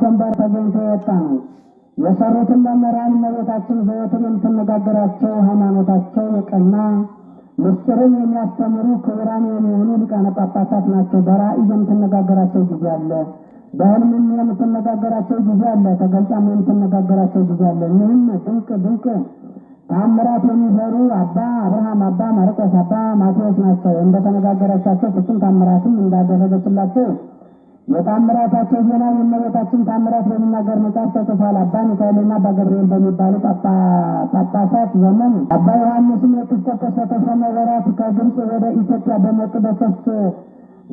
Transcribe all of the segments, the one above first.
ከሸንበር ተገኝቶ የወጣ ነው። የሰሩትን መምህራን መቤታችን ዘወትር የምትነጋገራቸው ሃይማኖታቸው የቀና ምስጢርን የሚያስተምሩ ክቡራን የሚሆኑ ሊቃነ ጳጳሳት ናቸው። በራእይ የምትነጋገራቸው ጊዜ አለ። በህልምም የምትነጋገራቸው ጊዜ አለ። ተገልጻም የምትነጋገራቸው ጊዜ አለ። ይህም ድንቅ ድንቅ ታምራት የሚሰሩ አባ አብርሃም፣ አባ ማርቆስ፣ አባ ማቴዎስ ናቸው። እንደተነጋገረቻቸው ፍጹም ታምራትም እንዳደረገችላቸው የታምራታቸው ዜና የእመቤታችን ታምራት በሚናገር መጽሐፍ ተጽፏል። አባ ሚካኤልና አባ ገብርኤል በሚባሉ ጳጳሳት ዘመን አባ ዮሐንስም ኤጲስቆጶስ በተሾመ ወራት ከግብፅ ወደ ኢትዮጵያ በመጡ በሶስት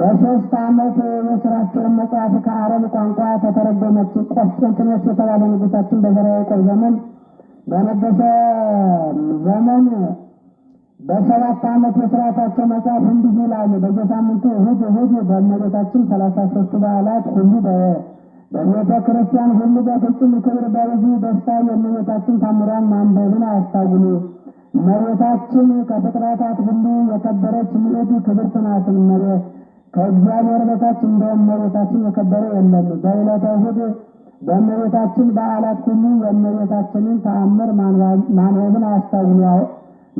በሶስት ዓመት የስራቸውን መጽሐፍ ከአረብ ቋንቋ ተተረጎመች። ቆስጠንጢኖስ የተባለ ንጉሳችን በዘራዊ ቆር ዘመን በነገሰ ዘመን በሰባት ዓመት የሥርዓታቸው መጽሐፍ እንዲህ ይላል። በየሳምንቱ እሁድ እሁድ በእመቤታችን ሰላሳ ሶስቱ በዓላት ሁሉ በቤተ ክርስቲያን ሁሉ በፍጹም ክብር በብዙ ደስታ የእመቤታችን ታምሯን ማንበብን አያስታውሉ። እመቤታችን ከፍጥረታት ሁሉ የከበረች ምዕድ ክብርት ናት። መሬ ከእግዚአብሔር በታች እንደ እመቤታችን የከበረ የለም። በዕለተ እሁድ በእመቤታችን በዓላት ሁሉ የእመቤታችንን ተአምር ማንበብን አያስታውሉ።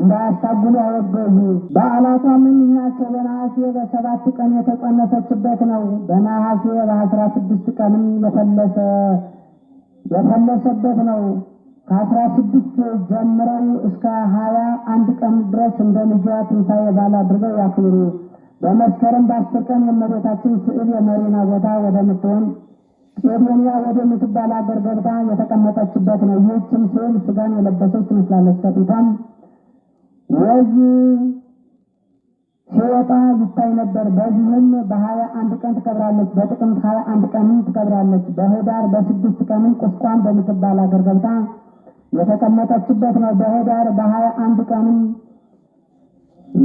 እንዳያስታጉሉ ያወገዙ። በዓላቷ ምንኛ በነሐሴ በሰባት ቀን የተጸነሰችበት ነው። በነሐሴ በአስራ ስድስት ቀንም የፈለሰ የፈለሰበት ነው። ከአስራ ስድስት ጀምረው እስከ ሀያ አንድ ቀን ድረስ እንደ ልጇ ትንሣኤ በዓል አድርገው ያክብሩ። በመስከረም በአስር ቀን የእመቤታችን ስዕል የመሪና ቦታ ወደምትሆን ቄዶንያ ወደምትባል አገር ገብታ የተቀመጠችበት ነው። ይህችም ስዕል ስጋን የለበሰች ትመስላለች። ከፊቷም በዚህ ሲወጣ ይታይ ነበር። በዚህም በሀያ አንድ ቀን ትከብራለች፣ በጥቅምት ሀያ አንድ ቀንም ትከብራለች። በህዳር በስድስት ቀንም ቁስቋም በምትባል አገር ገብታ የተቀመጠችበት ነው። በህዳር በሀያ አንድ ቀንም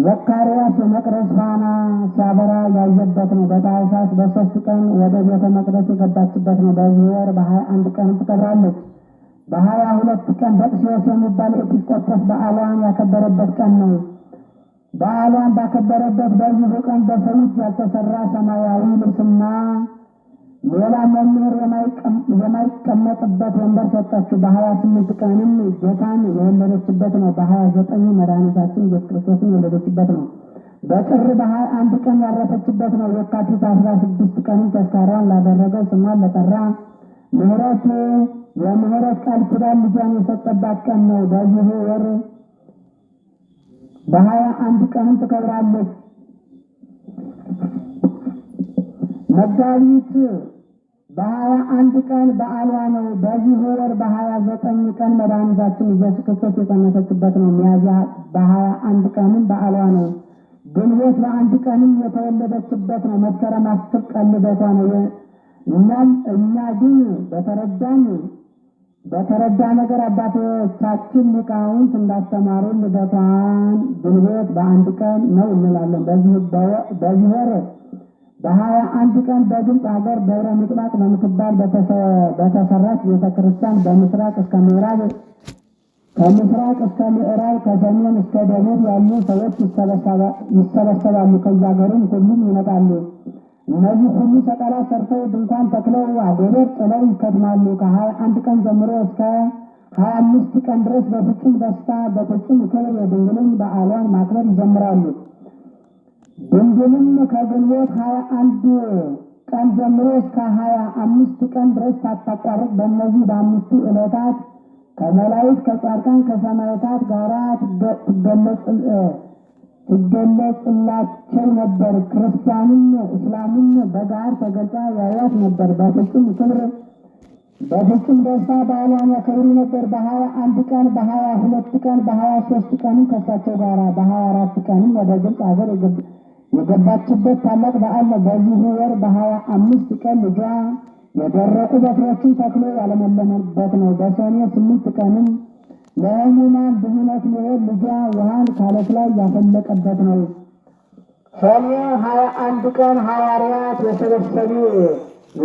ዘካርያስ የመቅደስ ፋና ሲያበራ ያየበት ነው። በታኅሳስ በሶስት ቀን ወደ ቤተ መቅደስ የገባችበት ነው። በዚህ ወር በሀያ አንድ ቀንም ትከብራለች። በሀያ ሁለት ቀን በቅስዎስ የሚባል ኤጲስቆጶስ በዓሏን ያከበረበት ቀን ነው። በዓሏን ባከበረበት በዚሁ ቀን በሰዎች ያልተሰራ ሰማያዊ ልብስና ሌላ መምህር የማይቀመጥበት ወንበር ሰጠችው። በሀያ ስምንት ቀንም ጌታን የወለደችበት ነው። በሀያ ዘጠኝ መድኃኒታችን ኢየሱስ ክርስቶስን የወለደችበት ነው። በጥር በሀያ አንድ ቀን ያረፈችበት ነው። የካቲት አስራ ስድስት ቀንም ተስካራን ላደረገው ስሟን ለጠራ ምህረቱ የምህረት ቃል ኪዳን ልጇን የሰጠባት ቀን ነው። በዚህ ወር በሀያ አንድ ቀንም ትከብራለች። መጋቢት በሀያ አንድ ቀን በዓሏ ነው። በዚህ ወር በሀያ ዘጠኝ ቀን መድኃኒታችን ኢየሱስ ክርስቶስ የጸነሰችበት ነው። ሚያዝያ በሀያ አንድ ቀንም በዓሏ ነው። ግንቦት በአንድ ቀንም የተወለደችበት ነው። መስከረም አስር ቀን ልደቷ ነው። እናም እኛ ግን በተረዳን በተረዳ ነገር አባቶቻችን ሊቃውንት እንዳስተማሩን ልደቷን ግንቦት በአንድ ቀን ነው እንላለን። በዚህ ወር በሀያ አንድ ቀን በግብፅ ሀገር ደብረ ምጥማቅ በምትባል በተሰራች ቤተ ክርስቲያን በምስራቅ እስከ ምዕራብ ከምስራቅ እስከ ምዕራብ ከሰሜን እስከ ደቡብ ያሉ ሰዎች ይሰበሰባሉ። ከየሀገሩም ሁሉም ይመጣሉ። እነዚህ ሁሉ ሰቀላት ሰርተው ድንኳን ተክለው አጎበር ጥለው ይከድማሉ። ከሀያ አንድ ቀን ጀምሮ እስከ ሀያ አምስት ቀን ድረስ በፍጹም ደስታ በፍጹም ክብር የድንግልን በዓሏን ማክበር ይጀምራሉ። ድንግልም ከግንቦት ሀያ አንድ ቀን ጀምሮ እስከ ሀያ አምስት ቀን ድረስ ታታቋርቅ በእነዚህ በአምስቱ ዕለታት ከመላእክት ከጻድቃን ከሰማዕታት ጋራ ትገለጽ ይገለጽላቸው ነበር። ክርስቲያንም እስላምን በጋር ተገልጻ ያያት ነበር። በፍጹም ክብር በፍጹም ደስታ በዓሏን ያከብሩ ነበር። በሀያ አንድ ቀን በሀያ ሁለት ቀን በሀያ ሶስት ቀንም ከሳቸው ጋራ በሀያ አራት ቀንም ወደ ግብፅ ሀገር የገባችበት ታላቅ በዓል ነው። በዚህ ወር በሀያ አምስት ቀን ልጇ የደረቁ በትሮችን ተክሎ ያለመለመበት ነው። በሰኔ ስምንት ቀንም ለሕሙማን ድህነት ልዑል ልጇ ውሃን ከዓለት ላይ ያፈለቀበት ነው። ሰኔ ሀያ አንድ ቀን ሐዋርያት የሰበሰቢ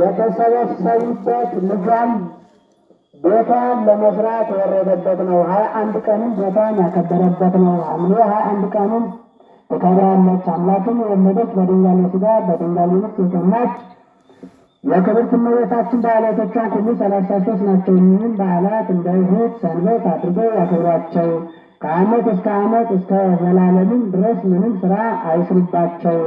የተሰበሰቡበት ልጇን ቤቷን ለመስራት የወረደበት ነው። ሀያ አንድ ቀንም ቤቷን ያከበረበት ነው። ሐምሌ ሀያ አንድ ቀንም ትከብራለች። አምላክን የወለደች በድንጋሌ ሥጋ በድንጋሌ የጸናች የክብርት እመቤታችን በዓላቶቿ ሁሉ ሰላሳ ሦስት ናቸው። ይህም በዓላት እንደ እሁድ ሰንበት አድርገው ያክብሯቸው። ከዓመት እስከ ዓመት እስከ ዘላለምም ድረስ ምንም ሥራ አይስሩባቸው።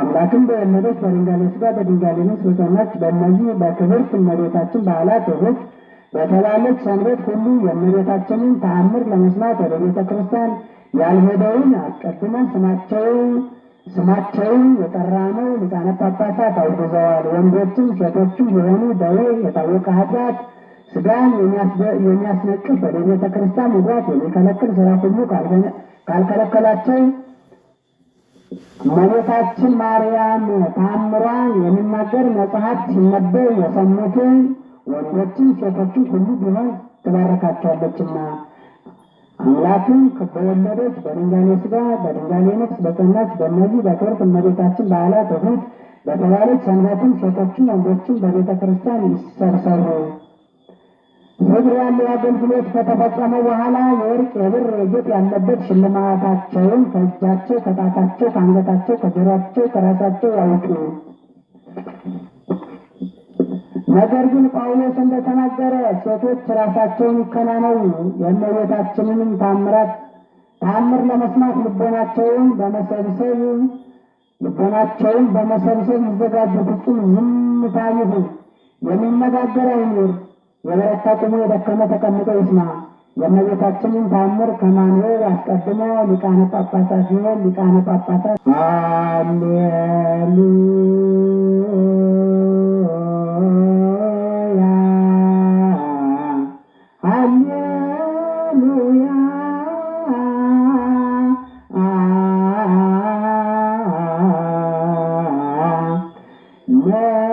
አምላክም በወለደች በድንጋሌ ሥጋ በድንጋሌ ነፍስ በጸናች በእነዚህ በክብርት እመቤታችን በዓላት እሁድ በተላለች ሰንበት ሁሉ የእመቤታችንን ተአምር ለመስማት ወደ ቤተ ክርስቲያን ያልሄደውን አስቀድመን ስማቸው ስማቸውን ነው። ሊቃነ ጳጳሳት አውግዘዋል። ወንዶችም ሴቶችም የሆኑ ደዌ የታወቀ ኃጢአት ስጋን የሚያስነቅፍ ወደ ቤተ ክርስቲያን መግባት የሚከለክል ስራ ሁሉ ካልከለከላቸው መቤታችን ማርያም ታምሯን የሚናገር መጽሐፍ ሲነበብ የሰሙትን ወንዶችን ሴቶችን ሁሉ ቢሆን ትባረካቸዋለችና አምላክም በወለደች በድንጋሌ ስጋ በድንጋሌ ነፍስ በጸናች በእነዚህ በክብርት እመቤታችን በዓላት እሑድ በተባለች ሰንበትም ሴቶችን ወንዶችን በቤተ ክርስቲያን ይሰብሰቡ። ምድር ያለ አገልግሎት ከተፈጸመ በኋላ የወርቅ የብር ጌጥ ያለበት ሽልማታቸውን ከእጃቸው፣ ከጣታቸው፣ ከአንገታቸው፣ ከጆሯቸው፣ ከራሳቸው ያውጡ። ነገር ግን ጳውሎስ እንደተናገረ ሴቶች ራሳቸውን ይከናነው፣ የእመቤታችንንም ታምራት ታምር ለመስማት ልቦናቸውን በመሰብሰብ ልቦናቸውን በመሰብሰብ ይዘጋጁ፣ ፍጹም ዝምታ ይሁን፣ የሚነጋገር አይኑር፣ የበረታ ቁሞ የደከመ ተቀምጦ ይስማ። የእመቤታችንን ታምር ከማንበብ አስቀድሞ ሊቃነ ጳጳሳት ሲሆን ሊቃነ ጳጳሳት አሌሉ more.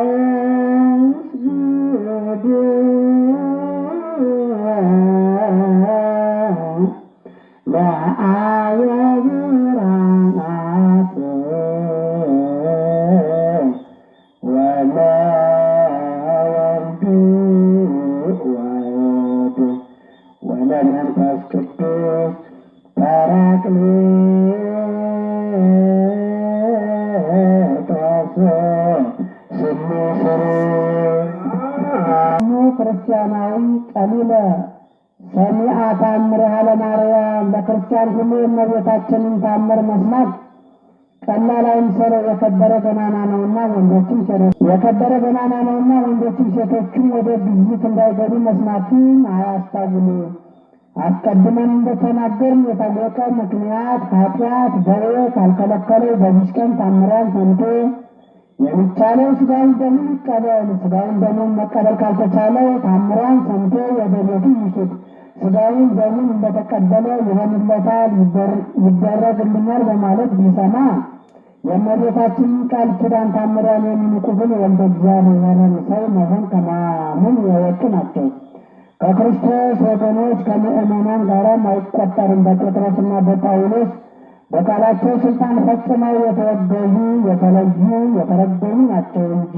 ሰሚዐ ያለ ማርያም ለክርስቲያን ሁሉ የእመቤታችንን ታምር መስማት ቀላል አይምሰለው፣ የከበረ ገናና ነውና ወንዶችም ሴቶች የከበረ ገናና ነውና ወንዶችም ሴቶችም ወደ ግዝት እንዳይገቡ መስማቱን አያስታውሉ። አስቀድመን እንደተናገርን የታወቀ ምክንያት ኃጢአት ደዌ ካልከለከለው በዚች ቀን ታምራን ሰምቶ የሚቻለው ስጋውን ደሙ ይቀበል፣ ስጋውን ደሙን መቀበል ካልተቻለው ታምራን ሰምቶ ወደ ቤቱ ይሽት ስጋውን ደሙን እንደተቀበለ ይሆንለታል፣ ይደረግልኛል በማለት ቢሰማ የእመቤታችን ቃል ኪዳን ታምራን የሚንቁብን ወልደ እግዚአብሔርን ሰው መሆን ከማምን የወጡ ናቸው። ከክርስቶስ ወገኖች ከምእመናን ጋር አይቆጠርም። በጴጥሮስና በጳውሎስ በቃላቸው ስልጣን ፈጽመው የተወገዙ የተለዩ የተረገሙ ናቸው እንጂ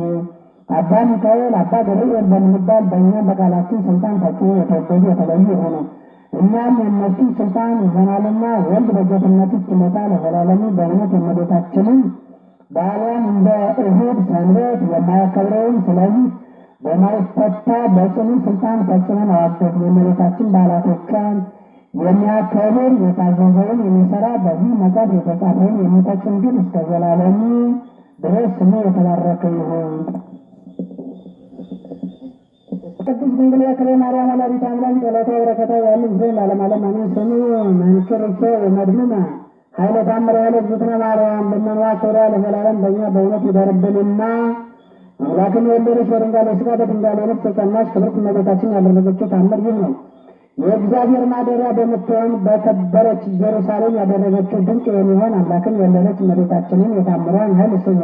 አባ ሚካኤል አባ ገብርኤል በምንባል በእኛ በቃላችን ስልጣን ተጽፎ የተወገዙ የተለዩ የሆኑ እኛም የእነሱ ስልጣን ይዘናልና ወልድ በጌትነቱ ችሎታ ለዘላለሙ በእውነት የመቤታችንን በዓለም እንደ እሁድ ሰንበት የማያከብረውን ስለዚህ በማይፈታ በጽኑ ስልጣን ፈጽመን አዋገት የመቤታችን በዓላቶቿን የሚያከብር የታዘዘውን የሚሰራ በዚህ መጽሐፍ የተጻፈውን የሚጠቅም ግን እስከ ዘላለሙ ድረስ ስሙ የተባረከ ይሁን። ቅድስት ድንግል በክለ ማርያም ወላዲተ አምላክ ጸሎተ በረከታ ያለው ዘይ ዓለም ዓለም አሜን። ስሙ መንክርቶ ወመድምና ኃይለ ታምረ ያለ ዝትነ ማርያም በመንዋ ሶሪያ ለዘላለም በእኛ በእውነት ይደርብንና አምላክን የወለደች በድንጋሌ ሥጋ በድንጋሌ ነፍስ ተጸናች ክብርት እመቤታችን ያደረገችው ታምር ይህ ነው። የእግዚአብሔር ማደሪያ በምትሆን በከበረች ኢየሩሳሌም ያደረገችው ድንቅ የሚሆን አምላክን የወለደች እመቤታችንን የታምሯን ኃይል ስሙ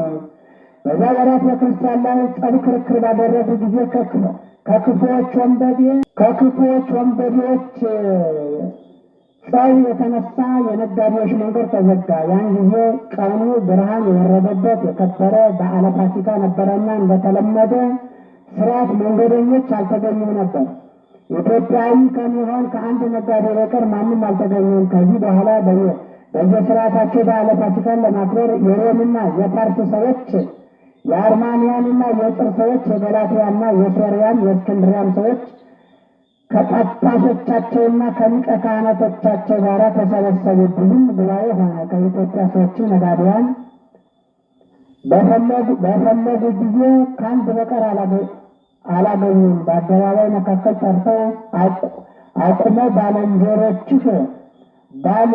በዚያ በቤተ ክርስቲያን ላይ ጸብ ክርክር ባደረጉ ጊዜ ከክ ነው ከክፉዎች ወንበዴ ከክፉዎች ወንበዴዎች ጸብ የተነሳ የነጋዴዎች መንገድ ተዘጋ። ያን ጊዜ ቀኑ ብርሃን የወረደበት የከበረ በዓለ ፋሲካ ነበረና እንደተለመደ ስርዓት መንገደኞች አልተገኙም ነበር። ኢትዮጵያዊ ከሚሆን ከአንድ ነጋዴ በቀር ማንም አልተገኘም። ከዚህ በኋላ በየስርዓታቸው በዓለ ፋሲካን ለማክበር የሮምና የፓርት ሰዎች የአርማንያንና የጥር ሰዎች የገላትያና የሶርያን የእስክንድሪያም ሰዎች ከጳጳሶቻቸውና ከሊቀ ካህናቶቻቸው ጋር ተሰበሰቡ። ብዙም ጉባኤ ሆነ። ከኢትዮጵያ ሰዎች ነጋዴያን በፈለጉ ጊዜ ከአንድ በቀር አላገኙም። በአደባባይ መካከል ጠርተው አቁመው ባልንጀሮችህ ባል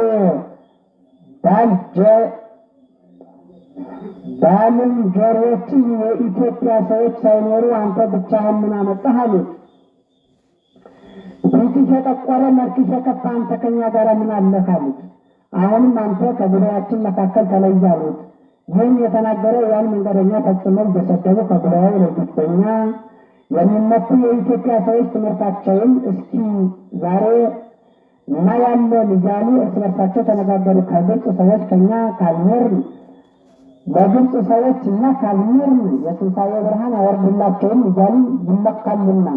ባል በዓለም ዘሮችን የኢትዮጵያ ሰዎች ሳይኖሩ አንተ ብቻህን ምን አመጣህ አሉት። ፊትህ የጠቆረ መልክህ የከፋ አንተ ከኛ ጋር ምን አለህ አሉት። አሁንም አንተ ከጉባኤያችን መካከል ተለይ አሉት። ይህም የተናገረው ያን መንገደኛ ፈጽመው እየሰደቡ ከጉባኤው ለይት የሚመቱ የኢትዮጵያ ሰዎች ትምህርታቸውን እስኪ ዛሬ እና ያለን እያሉ እርስ በርሳቸው ተነጋገሩ። ከግብፅ ሰዎች ከኛ ካልኖር በግብፅ ሰዎች እና ካልሚር የትንሣኤ ብርሃን አያወርድላቸውም እያሉ ይመካልና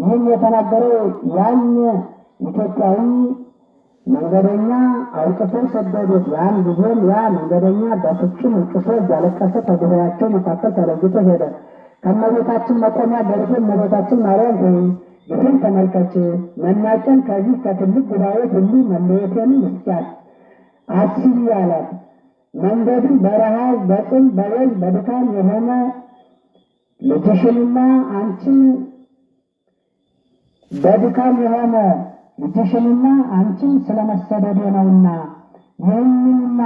ይህን የተናገረው ያን ኢትዮጵያዊ መንገደኛ አውቅሶ ሰደዱት። ያን ጊዜም ያ መንገደኛ በፍጹም እንቅሶ እያለቀሰ ከጉባኤያቸው መካከል ተለይቶ ሄደ። ከእመቤታችን መቆሚያ ደርሶ እመቤታችን ማርያም ሆይ ይህን ተመልከች፣ መናጨን ከዚህ ከትልቅ ጉባኤ ሁሉ መለየቴን ምስኪያል አስቢ አላት። መንገድን በረሃብ በጥም በወይ በድካም የሆነ ልጅሽንና አንቺ በድካም የሆነ ልጅሽንና አንቺን ስለመሰደድ ነውና ይህንንና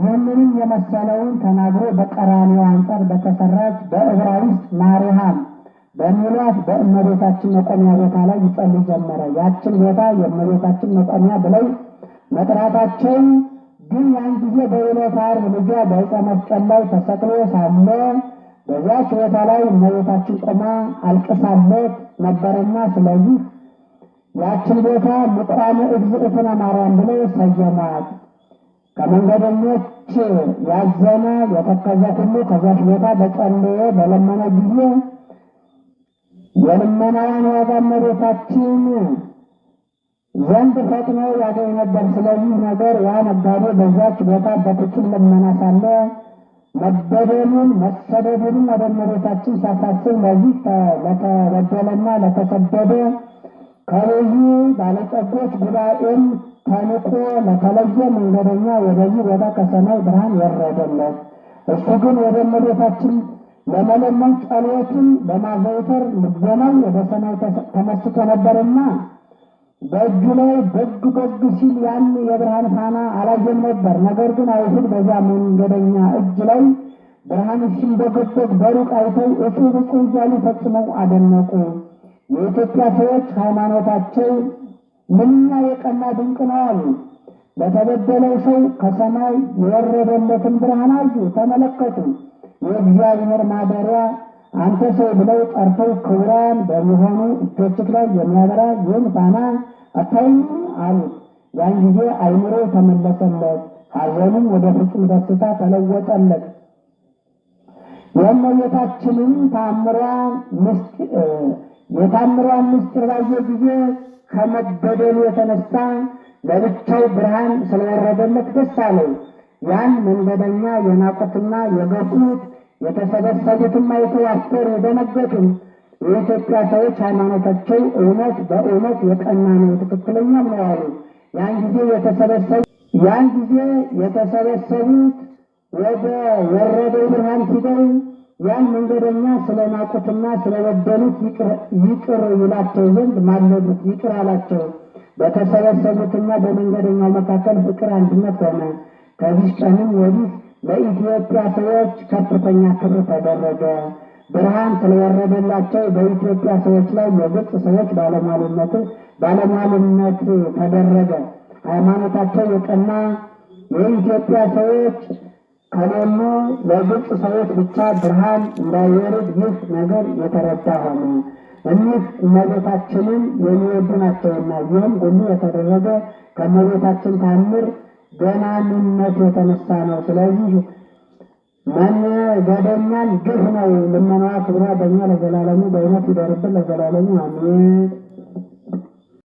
ይህንንም የመሰለውን ተናግሮ በቀራንዮ አንጻር በተሰራች በዕብራይስጥ ማርያም በሚሏት በእመቤታችን መቆሚያ ቦታ ላይ ይጸልይ ጀመረ። ያችን ቦታ የእመቤታችን መቆሚያ ብለው መጥራታቸውን ግን ያን ጊዜ በዕለተ ዓርብ ልጇ በዕፀ መስቀል ላይ ተሰቅሎ ሳለ በዚያች ቦታ ላይ እመቤታችን ቆማ አልቅሳለት ነበረና ስለዚህ ያችን ቦታ ምቋም እግዝእትነ ማርያም ብሎ ሰየማት። ከመንገደኞች ያዘነ የተከዘ ሁሉ ከዛች ቦታ በጸለየ በለመነ ጊዜ የልመናዋን ዋጋ እመቤታችን ዘንድ ፈጥኖ ያገኝ ነበር። ስለዚህ ነገር ያ ነጋዴ በዛች ቦታ በትክል ልመና ሳለ መበደሉን መሰደዱንም ወደ እመቤታችን ሲያሳስብ ለዚህ ለተበደለና ለተሰደደ ከብዙ ባለጸጎች ጉባኤም ተንቆ ለተለየ መንገደኛ ወደዚህ ቦታ ከሰማይ ብርሃን ወረደለት። እሱ ግን ወደ እመቤታችን ለመለመን ጸሎትን በማዘውተር ልቦናው ወደ ሰማይ ተመስቶ ነበርና በእጁ ላይ በግ በግ ሲል ያን የብርሃን ፋና አላየም ነበር። ነገር ግን አይሁድ በዚያ መንገደኛ እጅ ላይ ብርሃን ሲንበገበግ በሩቅ አይተው እጹብ እጹብ እያሉ ፈጽመው አደነቁ። የኢትዮጵያ ሰዎች ሃይማኖታቸው ምንኛ የቀና ድንቅ ነው አሉ። ለተበደለው ሰው ከሰማይ የወረደለትን ብርሃን አዩ፣ ተመለከቱ። የእግዚአብሔር ማደሪያ አንተ ሰው ብለው ጠርተው ክቡራን በሚሆኑ እጆችክ ላይ የሚያበራ ይህን ፋና አታይም አሉት። ያን ጊዜ አይምሮ ተመለሰለት፣ ሀዘኑም ወደ ፍጹም ደስታ ተለወጠለት። የእመቤታችንን ታምሯ የታምሯ ምስጢር ባየ ጊዜ ከመበደሉ የተነሳ ለብቻው ብርሃን ስለወረደለት ደስ አለው። ያን መንገደኛ የናቁትና የገፉት የተሰበሰቡትና የተዋፈሩ ደነገጡ። የኢትዮጵያ ሰዎች ሃይማኖታቸው እውነት በእውነት የቀና ነው፣ ትክክለኛም ነው አሉ። ያን ጊዜ የተሰበሰቡ ያን ጊዜ የተሰበሰቡት ወደ ወረደው ብርሃን ሲገኝ ያን መንገደኛ ስለ ስለ ስለበደሉት ይቅር ይላቸው ዘንድ ማለዱት። ይቅር አላቸው። በተሰበሰቡትና በመንገደኛው መካከል ፍቅር፣ አንድነት ሆነ። ከዚህ ቀንም ወዲህ ለኢትዮጵያ ሰዎች ከፍተኛ ክብር ተደረገ። ብርሃን ስለወረደላቸው በኢትዮጵያ ሰዎች ላይ የግብፅ ሰዎች ባለሟልነት ባለሟልነት ተደረገ። ሃይማኖታቸው የቀና የኢትዮጵያ ሰዎች ከሌሉ ለግብፅ ሰዎች ብቻ ብርሃን እንዳይወርድ ይህ ነገር የተረዳ ሆነ። እኒህ እመቤታችንን የሚወዱ ናቸውና ይህም ሁሉ የተደረገ ከእመቤታችን ታምር በማንነቱ የተነሳ ነው። ስለዚህ በደኛን ግፍ ነው ልመናዋ ክብሯ በእኛ ለዘላለሙ በእውነት ይደርብን ለዘላለሙ አሜን።